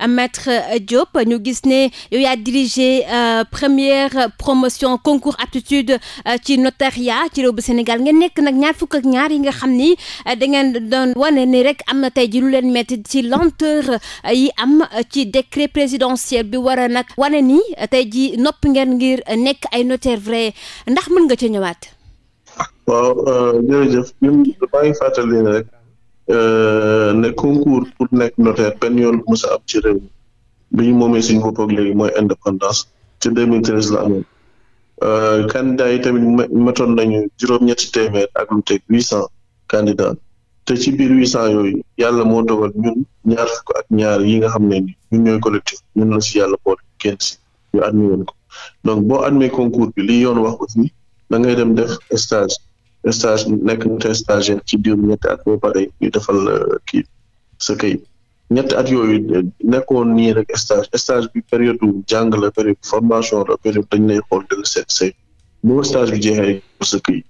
Euh, Maître euh, Diop ñu gis ne yow yaa dirigé euh, première promotion concours aptitude ci notariat ci réew bu Sénégal ngeen nekk nag ñaar fukk ak ñaar yi nga xam ni dangeen doon wane ni rek am na tey ji lu leen metti ci lenteur yi am ci décret présidentiel bi war nag wane ni tey ji nopp ngeen ngir nekk ay notaire vrai ndax mën nga ci ñëwaat. Ah, Euh, ne concours pour nekk notaire benn yoon bu mos a am ci réew mi bi ñu moomee suñu bopp ak léegi mooy indépendance ci 2013 la amoon euh, candidats yi tamit matoon nañu juróom-ñetti téeméer ak lu teg huit cent candidats te ci biir huit cent yooyu yàlla moo dogal ñun ñaar fukk ak ñaar yi nga xam ne ni ñun ñooy collectif ñun la si yàlla boole kenn si ñu admis woon ko donc boo admis concours bi li yoon wax aussi da ngay dem def stage stage nekk na tey stagiaire ci diiru ñetti at boo ñu defal euh, kii sa kayit ñetti at yooyu euh, nekkoon nii rek stage stage bi période jàng la période formation la période dañ lay xool del seet say boo stage bi jeexee sa kayit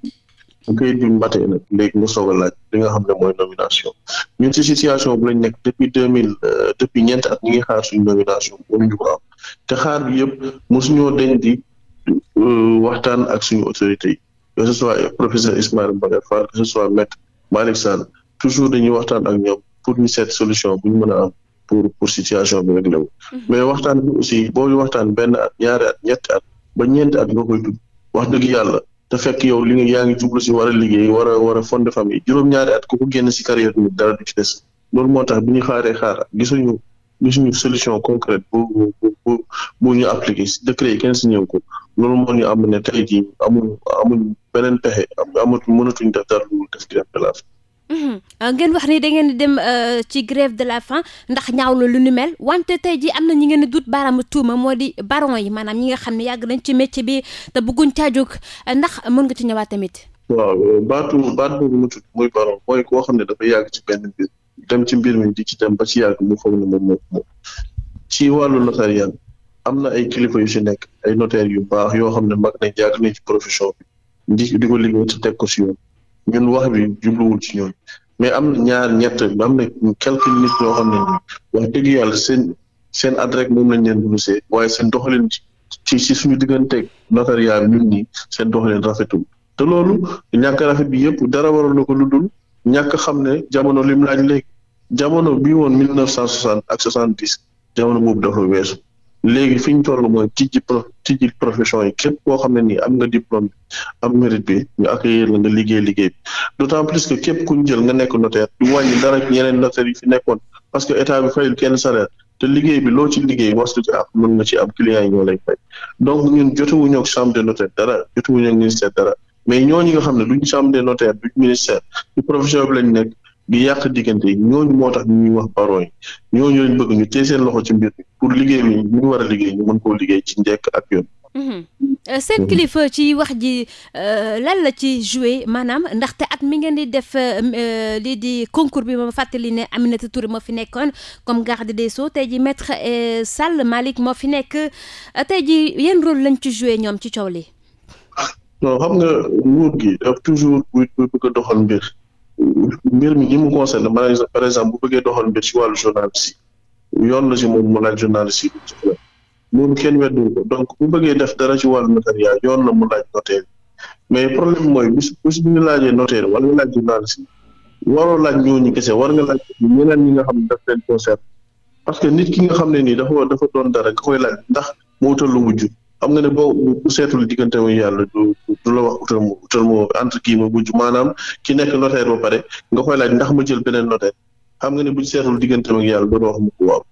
bu kayit bi mbatee nag léegi nga soog a laaj li nga xam ne mooy nomination ñun ci situation bu lañ nekk depuis deux mille euh, depuis ñeenti at ñi xaar suñu nomination mënuñu ko am te xaar bi yëpp mosuñoo deñ di waxtaan ak suñu autorités yi que ce soit professeur Ismaïla Madior Fall que ce soit maître Malick Sall toujours dañuy waxtaan ak ñoom pour ñu seet solution bu ñu mën a pour pour situation bi réglé wu mhm. mais waxtaan bi aussi waxtaan benn at ñaari at at ba ñeet at nga wax dëgg yàlla te fekk yow li nga yaa ngi jublu si war liggéey war war a fond de famille juróom ñaar at ku ko génn si carrière bi dara du ci des loolu moo tax bi ñu xaaree xaar gisuñu gisuñu solution concrète bu bu bu ñu appliqué si kenn si ñëw ko loolu moo ñu am ne tey jii amul beneen pexe am nga amatul mënatuñ def dara lu def grève de la faim. Mhm. Euh, ngeen wax ni da ngeen di dem euh, ci grève de la faim ndax ñaaw la lu ni mel wante tey jii am na ñi ngeen di dut baaraamu tuuma moo di baron yi maanaam ñi nga xam ne yàgg nañ ci métier bi te bëgguñ caa jóg euh, ndax mën nga ci ñëwaat tamit. waaw baatu baat boobu mu tudd muy baron mooy koo xam ne dafa yàgg ci benn mbir dem ci mbir mi di ci dem ba ci yàgg mu foog ne moom moom ci wàllu notariat am na ay kilifa yu si nekk ay notaire yu baax yoo xam ne mag nañ yàgg nañ ci profession di di ko liggéey ci teg ko si yoon wax bi jubluwul ci ñooñu mais am ñaar ñett ba am na quelques nit yoo xam ne wax dëgg yàlla seen seen at rek moom lañ leen dugusee waaye seen doxalin ci ci suñu digganteeg notariat bi ñun ni seen doxalin rafetul te loolu ñàkk rafet bi yëpp dara waral na ko lu dul ñàkk xam ne jamono lim laaj léegi jamono bi woon mil neuf cent soixante ak soixante dix jamono boobu dafa weesu léegi fi ñu toll mooy tijji pro tijji profession yi képp koo xam ne nii am nga diplôme am mérite bi ñu accueillir la nga liggéey liggéey bi d'autant plus que képp ku ñu jël nga nekk notaire du wàññi dara yeneen notaire yi fi nekkoon parce que état bi fayul kenn salaire te liggéey bi loo ci liggéey wastu ci am mën nga ci am client yi ñoo lay fay donc ñun jotewuñu ak chambre de notaire dara jotewuñu ak ministère dara mais ñooñu nga xam ne duñ chambre de notaire duñ ministère ci profession bi lañ nekk di yàq diggante yi ñooñu moo tax ñuy wax baron yi ñooñu bëgg ñu téye seen loxo ci mbir mi pour liggéey bi ñu war a liggéey ñu mën koo liggéey ci njekk ak yoon. Mhm. Euh, seen kilifa ci wax ji euh, lan la ci joué maanaam ndaxte at mi ngeen di def euh, lii di concours bi ma fàttali ne Aminata Touré ma fi nekkoon comme garde de so tey ji maître Sall Malick moo fi nekk tey ji yenn rôle lañ ci joué ñoom ci coow li ah, non xam nga nguur gi toujours buy bëgg doxal mbir. mbir mi ñi mu concerne par exemple bu bëggee doxal mbir ci wàllu journaliste yoon la ci moom mu laaj journaliste yi jox loolu kenn wedduñ donc bu bëggee def dara ci wàllu notariat yoon la mu laaj notaire mais problème mooy bu bis bi ñu laajee notaire wala nga laaj journaliste yi waroo laaj ñooñu kese war nga laaj ñeneen ñi nga xam ne daf leen concerne parce que nit ki nga xam ne nii dafa dafa doon dara nga koy laaj ndax moo tal lu mujj xam nga ne boo bu seetul diggante muy yàlla du du la wax utal ma utal entre kii ma mujj maanaam ki nekk notaire ba pare nga koy laaj ndax ma jël beneen notaire xam nga ne buñ seetul digganteem ak yàlla doon wax mu ko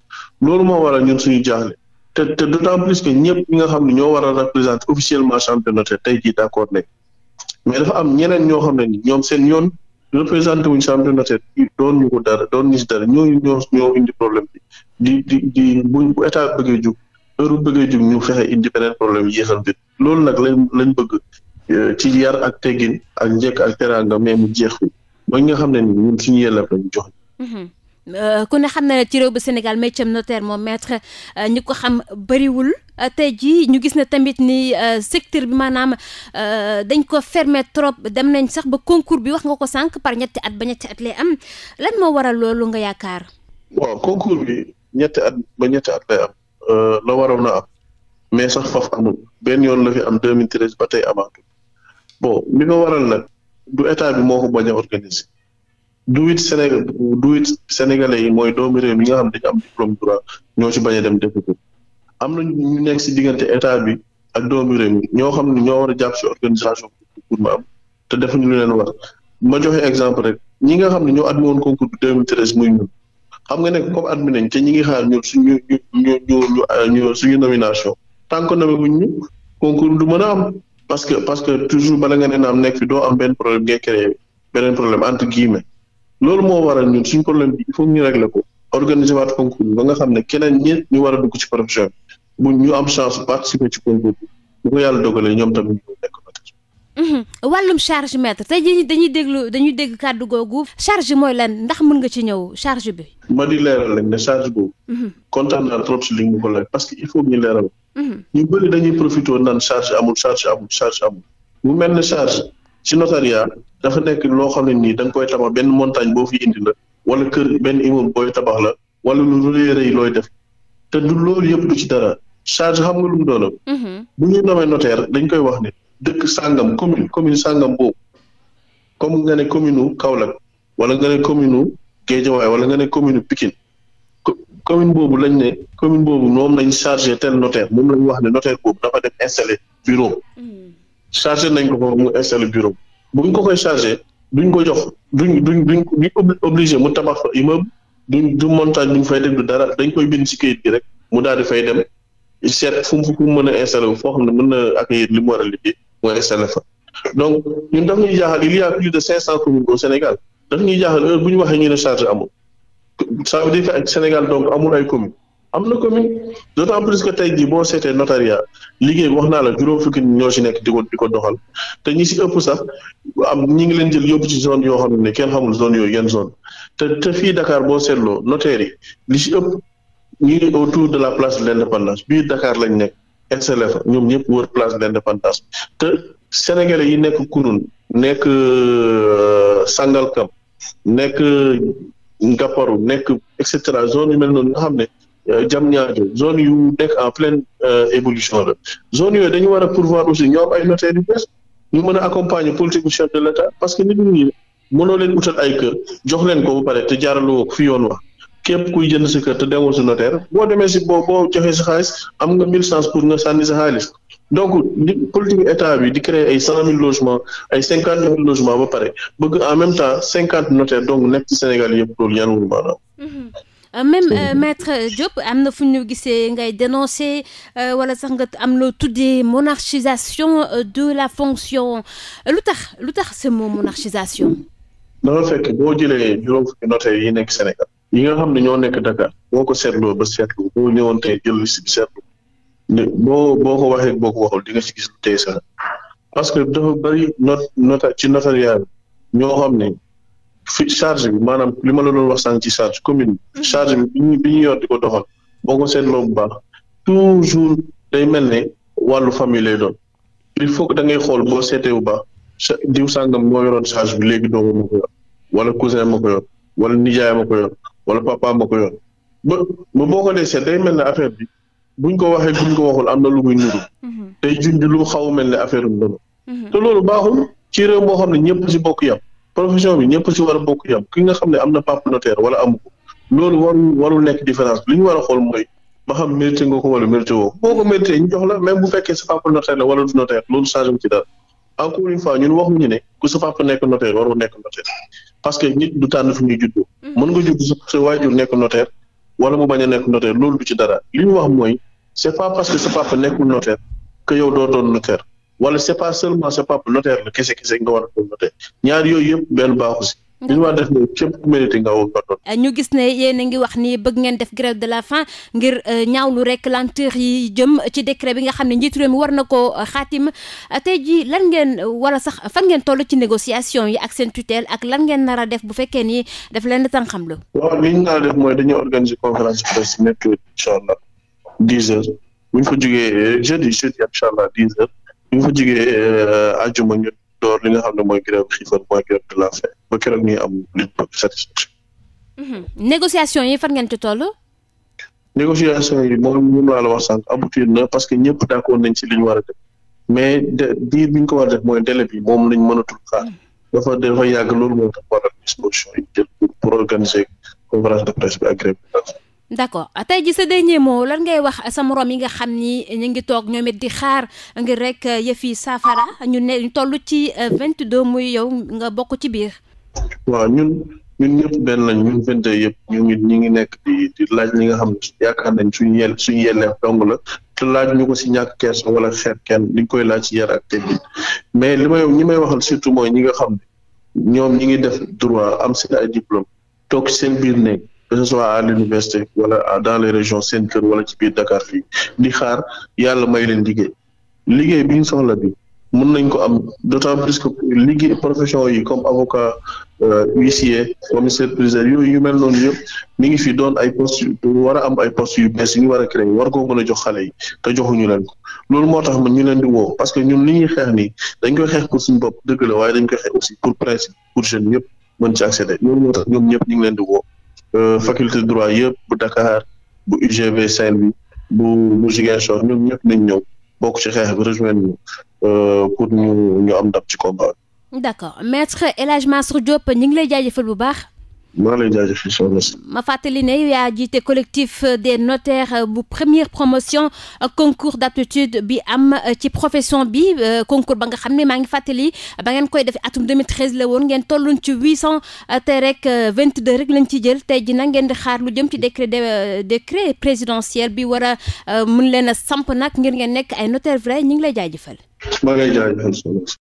loolu moo waral ñun suñu jaaxle te te d'autant ñëpp ñi nga xam ne ñoo war a représenter officiellement chambre de notaire tey jii d'accord ne mais dafa am ñeneen ñoo xam ne ni ñoom seen yoon représenté wuñ chambre de notaire bi doon ñu ko dara doon ñu si dara ñooñu ñoo ñoo indi problème bi di di di bu état bëggee jug heure bu bëggee jug ñu fexe indi beneen problème yéexal bi loolu nag lañ lañ bëgg Euh, ci yar ak teggin ak njëkk ak teraanga mais mu jeex bi ba nga xam ne ni ñun suñu yelleef lañu mhm. euh, xam na ne ci réew bu Sénégal métier notaire moom maître euh, ñi ko xam bëriwul tey jii ñu gis ne tamit ni secteur bi maanaam dañ ko fermer trop dem nañ sax ba concours bi wax nga ko sànq par ñetti at ba ñetti at lay am lan moo waral loolu nga yaakaar. waaw concours bi ñetti at ba ñetti at lay am la waroon a am mais sax faf amul benn yoon la fi am ba tey amaatul. bo li ko waral nag du état bi moo ko bañ a organiser du it Sénégal du it sénégalais yi mooy doomu réew mi nga xam dañu am diplôme droit ñoo ci bañ a am na ñu nekk ci diggante état bi ak doomu réew mi ñoo xam ne ñoo war a jàpp ci organisation pour ma am te defuñu lu leen war ma joxe exemple rek ñi nga xam ne ñoo admis woon concours bi 2013 muy ñun xam nga ne comme admis nañ te ñi ngi xaar ñun suñu ñu ñu ñu nomination tant que nommé buñ ñu concours du mën a am parce que parce que toujours bala nga ne naam nekk fi doo am benn problème ngay beneen problème entre guillemets loolu moo waral ñun suñu problème bi il faut ñu régler ko organiser waat concours bi ba nga xam ne keneen ñeent ñu war a dugg ci profession bu ñu am chance participer concours yàlla dogalee ñoom tamit Mhm. wàllum charge maître te jii dañuy déglu dañuy dégg kàddu googu charge mooy lan ndax mën nga ci ñëw charge bi. ma di leeral rek ne charge boobu. Mhm. kontaan naa trop si li nga ko laaj parce que il faut ñu leeral. Mhm. ñu dañuy profité naan charge amul charge amul charge amul. mu mel ne charge si notariat dafa nekk loo xam ne nii da koy tabax benn montagne boo fi indi la wala kër benn immeuble booy tabax la wala lu rëy rëy looy def te du loolu yëpp du ci dara charge xam nga lu mu doon. bu ñuy nommé notaire dañ koy wax ne. dëkk sàngam commune commune sàngam boobu comme nga ne commune u wala nga ne commune u Guédiawaye wala nga ne commune u commune boobu lañ ne commune boobu moom lañ chargé tel notaire moom lañ wax ne notaire boobu dafa dem installé bureau chargé nañ ko foofu mu installé bureau buñ ko koy chargé duñ ko jox duñ duñ duñ duñ obligé mu tabax fa immeuble duñ du montage duñ fay def du dara dañ koy bind ci kayit gi rek mu daal di fay dem seet fu mu fu mu mën a installé wu foo xam ne mën na accueillir li mu war a liggéey mooy SNFA donc ñun daf ñuy jaaxal il y a plus de cinq cent communes au Sénégal daf ñuy jaaxal heure bu ñu waxee ñu ne charge amul sa veut dire que Sénégal donc amul ay communes am na commune d'autant plus que tey jii boo seetee notariat liggéey wax naa la juróom fukki ñoo ci nekk di ko di ko doxal te ñi si ëpp sax am ñi ngi leen jël yóbbu ci zone yoo xam ne kenn xamul zone yooyu yenn zone te te fii Dakar boo seetloo notaire li si ëpp ñu ngi autour de la place de l'indépendance biir Dakar lañ nekk SLF ñoom ñëpp wër place de l'indépendance te sénégalais yi nekk Kounoune nekk euh, Sangalkam nekk Ngaparou nekk et cetera zone yu mel noonu nga xam ne euh, Diamniadio zone yu nekk en pleine euh, évolution la zone yooyu dañu war a pourvoir aussi ñoo am ay notaires yu bees ñu mën a accompagner politique du chef de l'État parce que nit ñi mënoo leen utal ay kër jox leen ko ba pare te jaaraloo ko fi yoon wax képp kuy jënd si kër te demoo si notaire boo demee si boo boo joxee si xaalis am nga mille chance pour nga sànni sa xaalis donc politique état bi di créer ay cent mille logements ay cinquante mille logements ba pare bëgg en même temps cinquante notaires donc nekk Sénégal yëpp loolu yan wul maanaam mhm. euh, même euh, maître am na fu ñu gisee ngay dénoncer euh, wala sax nga am loo tuddee monarchisation euh, de la fonction euh, lu tax lu tax ce mot monarchisation. dafa fekk boo jëlee juróom fukki notaire yi nga xam ne ñoo nekk Dakar boo ko seetloo ba seetlu boo ñëwoon tey jël liste bi boo ko waxee boo ko waxul di nga ci gis tey sax parce que dafa bëri not nota ci notariat bi ñoo xam ne fi charge bi maanaam li ma la doon wax sànq ci charge commune bi charge bi bi ñu yor di ko doxal boo ko seetloo bu baax toujours day mel ne wàllu famille lay doon il foog que da ngay xool boo seetee bu baax diw sàngam moo yoroon charge bi léegi doomu ma ko yor wala cousin ma ko wala nijaay ma ko wala papa ma ko yor ba ba boo ko dee seet day mel ne affaire bi buñ ko waxee buñ ko waxul am na lu muy nuru tey mm-hmm. junj lu xaw mel ne affaire bi noonu mm-hmm. loolu baaxul ci réew moo xam ne ñëpp si bokk yam profession bi ñëpp si war bokk yam ki nga xam ne am na pap notaire wala amu ko loolu warul warul nekk différence bi li ñu war a xool mooy ba xam mérité nga ko wala mérité woo boo ko mérité jox la même bu fekkee sa papa notaire la wala du notaire loolu changé ci dara encore une fois ñun waxuñu ne ku sa papa nekk notaire waroo nekk notaire parce que nit du tànn fu ñuy juddoo. Mm-hmm. mën nga judd sa waajur nekk notaire wala mu bañ a nekk notaire loolu du dara li ñu wax mooy c'est pas parce que sa papa nekku notaire que yow doo doon notaire wala c'est pas seulement sa papa notaire la kese kese nga war a doon notaire ñaar yooyu yëpp benn baaxu li ñu war a def nii képp mérité nga woo ñu gis ne yéen ngi wax ni bëgg ngeen def grève de la faim ngir euh, ñaawlu rek lenteur yi jëm ci décret bi nga xam ne njiitu réew mi war na koo euh, xaatim tey jii lan ngeen wala sax fan ngeen toll ci négociation yi ak seen tutelle ak lan ngeen nar a def bu fekkee ni daf leen tan xam lu waaw li ñu nar a def mooy dañuy organiser conférence presse mercredi incha allah dix heures bu euh, ñu door li nga xam ne mooy grève xiifal mooy grève de la faim ba keroog ñuy am mhm. négociation yi fan ngeen ci toll. négociation yi moom ñun laa la wax sànq aboutir na parce que ñëpp d'accord nañ ci li ñu war a def mais diir bi ñu ko war a def mooy délai bi moom lañ mënatul xaar mhm. dafa dafa yàgg loolu moo tax waral disposition yi jël pour organiser conférence de presse bi ak grève d'accord ah, tey ji sa dernier mot lan ngay wax sa moroom yi nga xam ni ñu ngi toog ñoom it di xaar ngir rek euh, yëf yi saafara ñu ne ñu toll ci euh, vingt deux muy yow nga bokk ci biir. waaw ñun ñun ñëpp benn lañ ñun vingt yëpp ñu ngi ñu ngi nekk di laaj ñi nga xam ne yaakaar nañ suñu suñu yelleef dong la te laaj ñu ko si ñàkk kees wala xeet kenn di koy laaj ci yar ak teggin mais li may ñi may waxal surtout mooy ñi nga xam ñoom ñi ngi def droit am si ay diplôme toog seen biir néeg que ce soit wala dans le régions seen kër wala ci biir Dakar fi di xaar yàlla may leen liggéey liggéey bi ñu soxla bi mën nañ ko am d'autant plus que liggéey profession yi comme avocat euh, huissier commissaire priseur yooyu yu mel noonu yëpp mi ngi fi doon ay poste a am ay postes yu bees yu ñu war a créer war koo mën a jox xale yi te joxuñu leen ko loolu moo tax ñu leen di woo parce que ñun li ñuy xeex ni dañ koy xeex pour suñu bopp dëgg la waaye dañ koy xeex aussi pour principe pour jeunes ñëpp ñu ngi leen di woo Euh, faculté droit yëpp bu Dakar bu UGB saint bi bu bu Ziguinchor ñoom ñëpp nañ ñëw bokk ci xeex bi rejoindre ñu euh, pour ñu ñu am ndam ci combat. d'accord maître El Hadj Mansour Diop ñu ngi lay jaajëfal bu baax. maa lay jaajëfal soxna si. ma fàttali ne yow yaa jiite collectif des notaires bu première promotion concours d'aptitude bi am ci profession bi euh, concours ba nga xam ni maa ngi fàttali ba ngeen koy def atum 2013 la woon ngeen tolluñ ci 800 euh, te rek 22 euh, rek lañ ci jël tey jii nag ngeen di xaar lu jëm ci décret décret présidentiel bi war a mun leen a samp nag ngir ngeen nekk ay notaires vrai ñu ngi lay jaajëfal. maa lay